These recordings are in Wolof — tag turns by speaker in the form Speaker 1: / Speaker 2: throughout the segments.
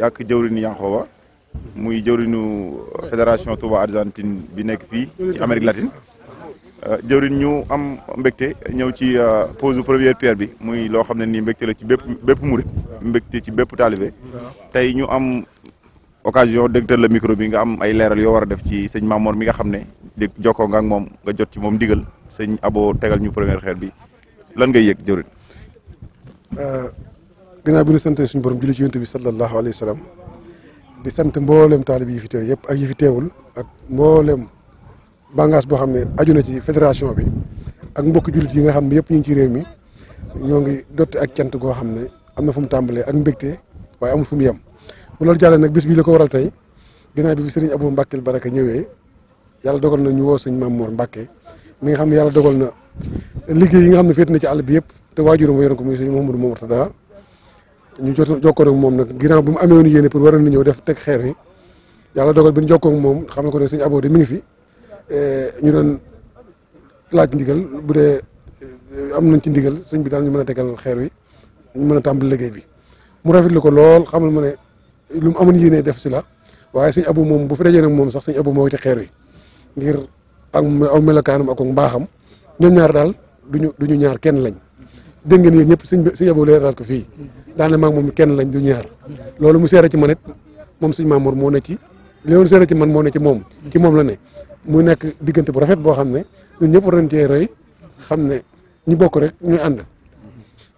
Speaker 1: ak jëwriñ Yankoba muy jëwriñu fédération Touba Argentine bi nekk fii ci Amérique latin euh, jëwriñ ñu am mbégte ñëw ci euh, pose première pierre bi muy loo xam ne nii mbégte la ci bépp bépp murit mbégte ci bépp taalibe tey ñu am occasion dégtal la micro bi nga am ay leeral yoo war a def ci sëñ Mamor mi nga xam ne dégg jokkoo nga ak moom nga jot ci moom ndigal sëñ Abo tegal ñu première xeer bi lan ngay yëg jëwriñ
Speaker 2: euh, ginnaaw bi ñu sant suñu borom julli ci bi sallallahu alayhi wa sallam di sant mboolem taalib yi fi yëpp ak yi fi teewul ak mboolem bàngaas boo xam ne aju na ci fédération bi ak mbokk jullit yi nga xam ne yëpp ñu ngi ci réew mi ñoo ngi dotti ak cant goo xam ne am na fu mu tàmbalee ak mbégte waaye amul fu mu yem loolu jàllee nag bis bi la ko waral tey ginnaaw bi fi sëriñ Abou Mbacke Baraka ñëwee yàlla dogal na ñu woo sëñ Maam Mor Mbacke mi nga xam ne yàlla dogal na liggéey yi nga xam ne féet na ci àll bi yëpp te waajuram wa yoroon ko muy sëñ Mouhamadou Mourtada ñu jot jokkoo ak moom nag ginnaaw bu mu amee woon yéene pour waroon ñëw def teg xeer yi yàlla dogal bi ñu jokkoo ak moom xam na ko ne suñu aboo de mi eh, ñu doon laaj ndigal bu dee eh, am nañ ci ndigal sëñ bi daal ñu mën a tegal xeer wi mën a tàmbali liggéey bi mu rafetlu ko lool xamal ma ne lu mu amoon yéene def si la waaye suñ abu moom bu fi dajee nag moom sax suñ abu moo ci xeer wi ngir ak aw melokaanam ak mbaaxam ñoom ñaar daal duñu ñu ñaar kenn lañ dégg ngeen yéen ñëpp sëñ sëñ Abo leeral ko fii daana maag moom kenn lañ du ñaar loolu mu seere ci man it moom sëñ Mamour moo ne ci li woon ci man moo ne ci moom ci moom la ne mu nekk diggante bu rafet boo xam ne ñun ñëpp cee roy xam ne ñu bokk rek ñuy ànd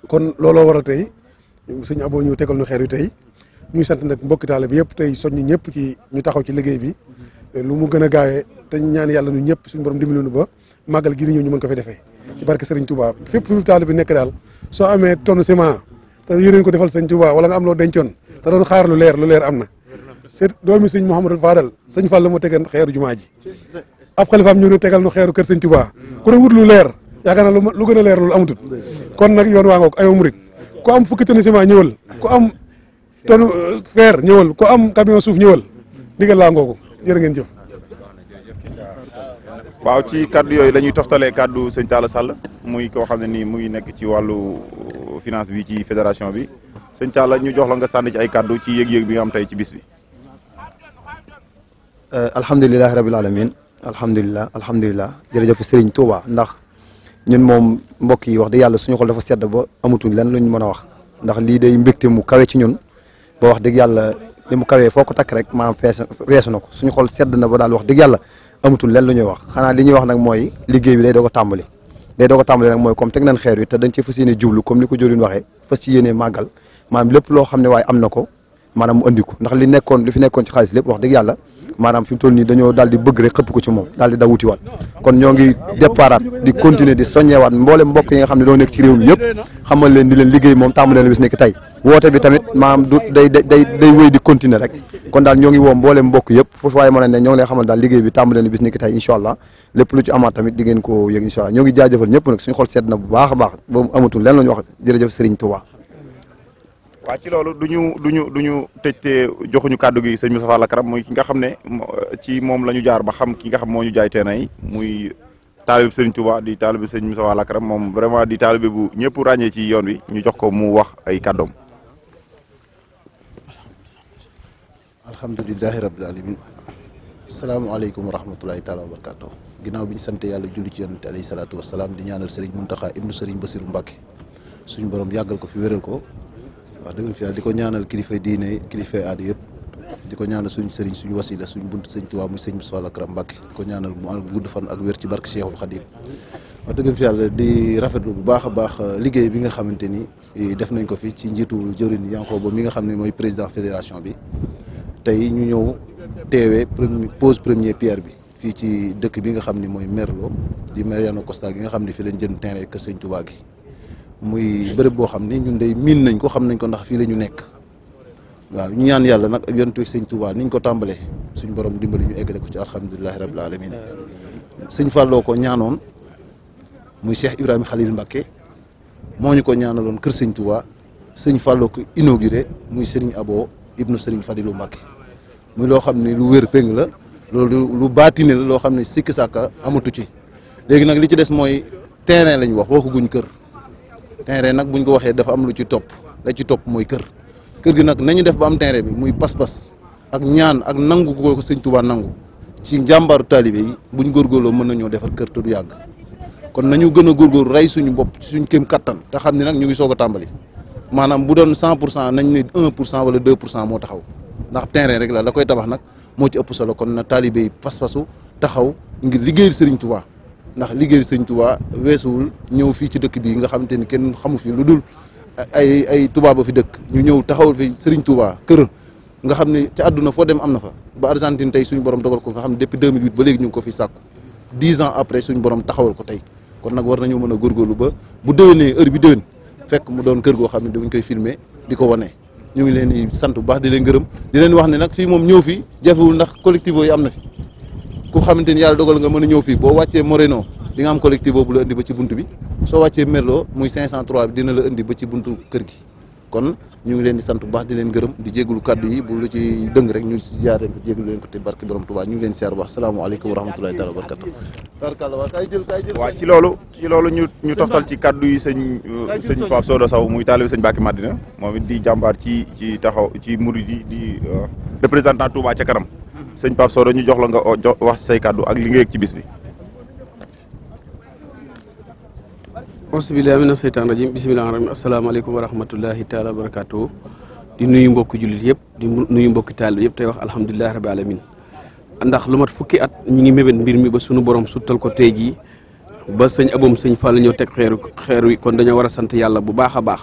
Speaker 2: kon looloo waral tey sëñ Abo ñu tegal ñu xeer yu tey ñuy sant nag mbokki taale bi yëpp tey soññ ñëpp ci ñu taxaw ci liggéey bi lu mu gën a gaawee te ñu ñaan yàlla ñun ñëpp suñ borom dimbali nu ba màggal gi di ñëw ñu mën ko fi defee ci barke Serigne Touba fépp fu taalibe bi nekk daal soo amee tonne ciment te yéen ko defal Serigne Touba wala nga am loo dencoon te doon xaar lu leer lu leer am na c'est doomi Serigne Mouhamadou Fadal Serigne Fall la moo tegan xeeru jumaa ji ab xalifaam ñu ne tegal nu xeeru kër Serigne Touba ku ne wut lu leer yaakaar naa lu gën a leer loolu amatut kon nag yoon waa ngoog ayo murit ku am fukki tonne ciment ñëwal ku am tonne euh, fer ñëwal ku am camion suuf ñëwal ndigal laa ngeen jëf
Speaker 1: waaw ci kàddu yooyu la ñuy toftalee kàddu sëñ Talla Sall muy koo xam ne nii mu nekk ci wàllu uh, finance bi ci fédération bi sëñ ñu jox la nga sànni ci ay kàddu ci yéeg yëg bi nga am tey ci bis bi.
Speaker 3: Uh, alhamdulilah rabil alamin alhamdulilah alhamdulilah jërëjëf Serigne Touba ndax ñun moom mbokk yi wax dëgg yàlla suñu xol dafa sedd ba amatuñ lan ñu mën a wax ndax lii de mbégte mu kawe ci ñun ba wax dëgg yàlla li mu kawee foo ko takk rek maanaam fees weesu na ko suñu xol sedd na ba daal wax dëgg amatul lenn lu ñuy wax xanaa li ñuy wax nag mooy liggéey bi day doog a tàmbali day doog a nag mooy comme teg nañ xeer wi te dañ ci fas yéene jublu comme ni ko jolin waxee fas ci yéene màggal maanaam lépp loo xam ne waaye am na ko maanaam mu andi ko ndax li nekkoon li fi nekkoon ci xaalis lépp wax dëgg yàlla maanaam fi mu toll nii dañoo daal di bëgg rek xëpp ko ci moom daal di dawuti waat kon ñoo ngi déparaat di continuer di soññewaat mboolem mbokk yi nga xam ne doo nekk ci réew mi yëpp xamal leen di leen liggéey moom tàmm leen bis nekk tey woote bi tamit maanaam du day day day wéy di continuer rek kon daal ñoo ngi woo mboolem a nag suñu xol sedd na bu baax a baax ba amatul leen lañu wax jërëjëf Serigne Touba
Speaker 1: waaw ci loolu du ñu du ñu du ñu tëj te joxuñu kàddu gi sëñ Moustapha Lakaram muy ki nga xam ne ci moom la ñu jaar ba xam ki nga xam moo ñu jaay teena muy taalibe sëriñ Touba di taalibe sëñ Moustapha Lakaram moom vraiment di taalibe bu ñëpp ràññee ci yoon wi ñu jox ko mu wax ay kàddoom.
Speaker 4: alhamdulilahi rabbil alamin salaamaaleykum wa rahmatulahi taala wa barakaatu ginnaaw bi ñu sant yàlla julli ci yonente alayhi salaatu wasalaam di ñaanal sëriñ Muntaxa ibnu sëriñ Basiru Mbàkke suñu borom yàggal ko fi wéral ko wax dëgg fi di ko ñaanal kilifa diine kilifa aada yëpp di ko ñaanal suñu sëriñ suñu wasila suñu bunt sëñ Tuubaa muy sëñ Moussa Lakram Mbàkke di ko ñaanal mu gudd fan ak wér ci barke Cheikhul Khadim wax dëgg fi yàlla di rafetlu bu baax a baax liggéey bi nga xamante ni eh, def nañ ko fi ci njiitu jëwriñ Yankoba mi nga xam ne mooy président fédération bi tey ñu ñëw teewee premier pose première pierre bi fii ci dëkk bi nga xam ni mooy Merlo di Mariano Costa gi nga xam ne fi lañ jënd terrain kër sëñ Tuubaa gi muy bërëb boo xam ne ñun day miin nañ ko xam nañ ko ndax fii la ñu nekk waaw ñu ñaan yàlla nag ak yonent bi sëñ Touba niñ ko tàmbalee suñ borom dimbali ñu eggale ko ci alhamdulilahi rabil alamin sëñ Falloo ko ñaanoon muy Cheikh Ibrahima Khalil Mbacké moo ñu ko ñaanaloon kër sëñ Touba sëñ Falloo ko inauguré muy Serigne Abo ibnu Serigne Fadilou Mbacké muy loo xam ne lu wér péng la loolu lu baatine la loo xam ne sikki sàkk amatu ci léegi nag li ci des mooy terrain lañ wax waxaguñ kër terrain nag bu ñu ko waxee dafa am lu ci topp la ci topp mooy kër kër gi nag nañu def ba am terrain bi muy pas-pas ak ñaan ak nangu ko ko sëñ nangu ci njàmbaaru bu ñu góor góorloo mën na nañoo defar kër te du yàgg kon nañu gën a góorgóorlu rey suñu bopp suñ kéem kattan te xam ne nag ñu ngi soog a tàmbali maanaam bu doon cent pour cent nañ ne un pour cent wala deux pour cent moo taxaw ndax terrain rek la la koy tabax nag moo ci ëpp solo kon na taalibe yi pas-pasu taxaw ngir liggéeyal Serigne Touba. ndax liggéey sëñ tubaa weesuwul ñëw fi ci dëkk bi nga xamante ni kenn xamu fi lu dul ay ay Touba ba fi dëkk ñu ñëw taxawal fi sëriñ Touba kër nga xam ne ci àdduna foo dem am na fa ba Argentine tey suñu borom dogal ko nga xam ne depuis 2008 ba léegi ñu ko fi sàkku dix ans après suñ borom taxawal ko tey kon nag war nañoo mën a góorgóorlu ba bu déwénee heure bi déwén fekk mu doon kër goo xam ne dañ koy filmer di ko wane ñu ngi leen di sant bu baax di leen gërëm di leen wax ne nag fii moom ñëw fi jafewul ndax collectivo yi am na fi ku xamante ni yàlla dogal nga mën a ñëw fii boo wàccee Moreno di am collectif boobu la indi ba ci bunt bi soo wàccee melo muy 503 bi dina la indi ba ci buntu kër gi kon ñu ngi leen di sant bu baax di leen gërëm di jégalu kàddu yi bu lu ci dëng rek ñu ziyaare ko jégalu leen ko te barke borom Tuubaa ñu ngi leen siyaar bu baax salaamaaleykum wa rahmatulahi taala wa barakatu tarkalla waa waaw ci loolu loolu ñu ñu toftal ci
Speaker 1: kàddu yi sëñ sëñ Pape Soda Sow muy taalibe sëñ Bakki Madina moom it di jàmbaar ci ci taxaw ci murid yi di euh, représentant Touba ca kanam sëñ Pape Soro ñu jox la nga jox wax say kàddu ak li ci bis
Speaker 5: bi. auzubillahi mina seytaan rajim bismillahi rahim asalaamaaleykum wa rahmatullahi taala wa barakaatu di nuyu mbokki jullit yëpp di nuyu mbokki taal yëpp tey wax alhamdulilahi rabi alamin ndax lu mat fukki at ñi ngi mébét mbir mi ba sunu borom suttal ko tey jii ba sëñ aboom sëñ fa ñëw teg xeeru xeer wi kon dañoo war a sant yàlla bu baax a baax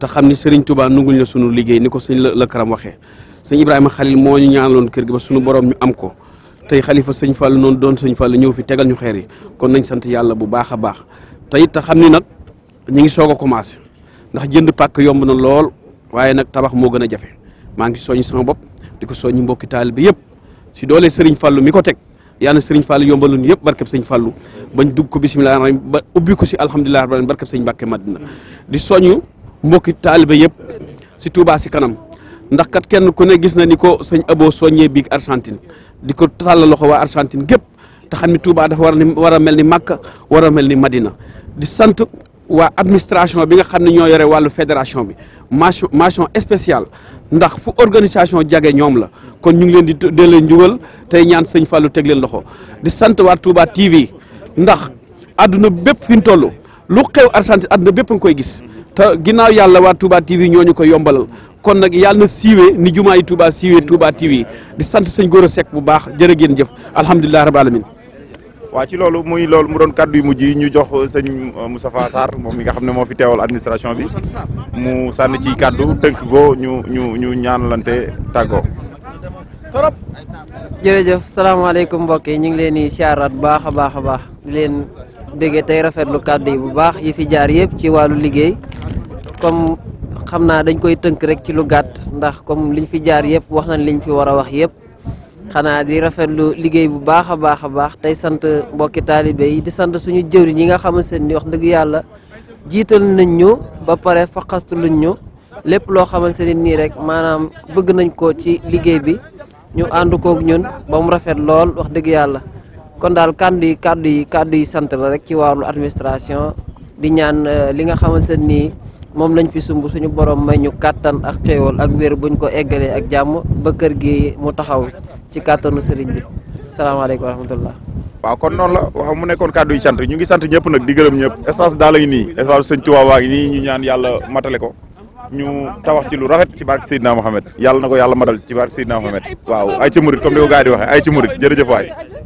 Speaker 5: te xam ni Serigne tubaa nungul na sunu liggéey ni ko sëñ la karam waxee sëñ Ibrahima Khalil moo ñu ñaanaloon kër gi ba suñu boroom ñu am ko tey xalifa sañ Fall noonu doon sëñ Fall ñëw fi tegal ñu xeer yi kon nañ sant yàlla bu baax a baax te it xam ni nag ñu ngi soog a commencé ndax jënd pàkk yomb na lool waaye nag tabax moo gën a jafe maa ngi soññ sama bopp di ko sooñu mbokki taalibe bi yëpp si doole sëriñ Fallu mi ko teg yal na sëriñ Fallu yombalun yëpp barkeb sëñ Fallu bañ dugg ko bisimilah ba ubbi ko si alhamdulilah rabbil barkeb sëñ Mbàkke Madina di soññ mbokki taalibe yëpp si Touba si kanam ndax kat kenn ku ne gis na ni ko sëñ Abo soññee biig Argentine di ko tàllal loxo waa Argentine gépp te xam ni Touba dafa war a ni war a mel ni Makka war a mel ni Madina di sant waa administration bi nga xam ne ñoo yore wàllu fédération bi mention mention spéciale ndax fu organisation jage ñoom la kon ñu ngi leen di delloo njugal tey ñaan sëñ Fallou teg leen loxo di sant waa Touba TV ndax àdduna bépp fi mu toll lu xew Argentine àdduna bépp nga koy gis te ginnaaw yàlla waa Touba TV ñoo ñu ko yombalal. kon nag yàlla na siiwee ni jumaay Touba siiwee Touba TV di sant sëñ Gora Seck bu baax jërë ngeen jëf alhamdulilah rabbil alamin
Speaker 1: waaw ci loolu muy loolu mu doon kàddu yu mujj yi ñu jox sëñ Moustapha Sarr moom mi nga xam ne moo fi teewal administration bi mu sànni ci kàddu tënk ko ñu ñu ñu ñaanalante tàggoo.
Speaker 4: trop. jërëjëf salaamaaleykum mbokk yi ñu ngi leen di siyaaraat baax a baax a baax di leen bëggee tey rafetlu kàddu yi bu baax yi fi jaar yëpp ci wàllu liggéey xam naa dañ koy tënk rek ci lu gàtt ndax comme liñ fi jaar yëpp wax nañ liñ fi war a wax yëpp xanaa di rafet lu liggéey bu baax a baax a baax tey sant mbokki taalibe yi di sant suñu jëwriñ yi nga xamante ni wax dëgg yàlla jiital nañ ñu ba pare faqastu luñ ñu lépp loo xamante ni nii rek maanaam bëgg nañ ko ci liggéey bi ñu ànd kook ñun ba mu rafet lool wax dëgg yàlla kon daal kàddu yi kàddu yi kàddu yi sant la rek ci wàllu administration di ñaan euh, li nga seen nii moom lañ fi sumb suñu borom may ñu kàttan ak xéewal ak wér buñ ko eggalee ak jàmm ba kër gi mu taxaw ci kàttanu sëriñ bi salaamaaleykum wa rahmatullah
Speaker 1: waaw kon noonu la waaw mu nekkoon kàddu yi cant ñu ngi sant ñëpp nag di gërëm ñëpp espace daal la nii espace sëñ Tuubaa waa ngi nii ñu ñaan yàlla matale ko ñu tawax ci lu rafet ci barke Seydina Mohamed yàlla na ko yàlla matal ci barke Seydina Mohamed waaw ay ci murit comme ni ko gars yi di waxee ay ci murit jërëjëf waay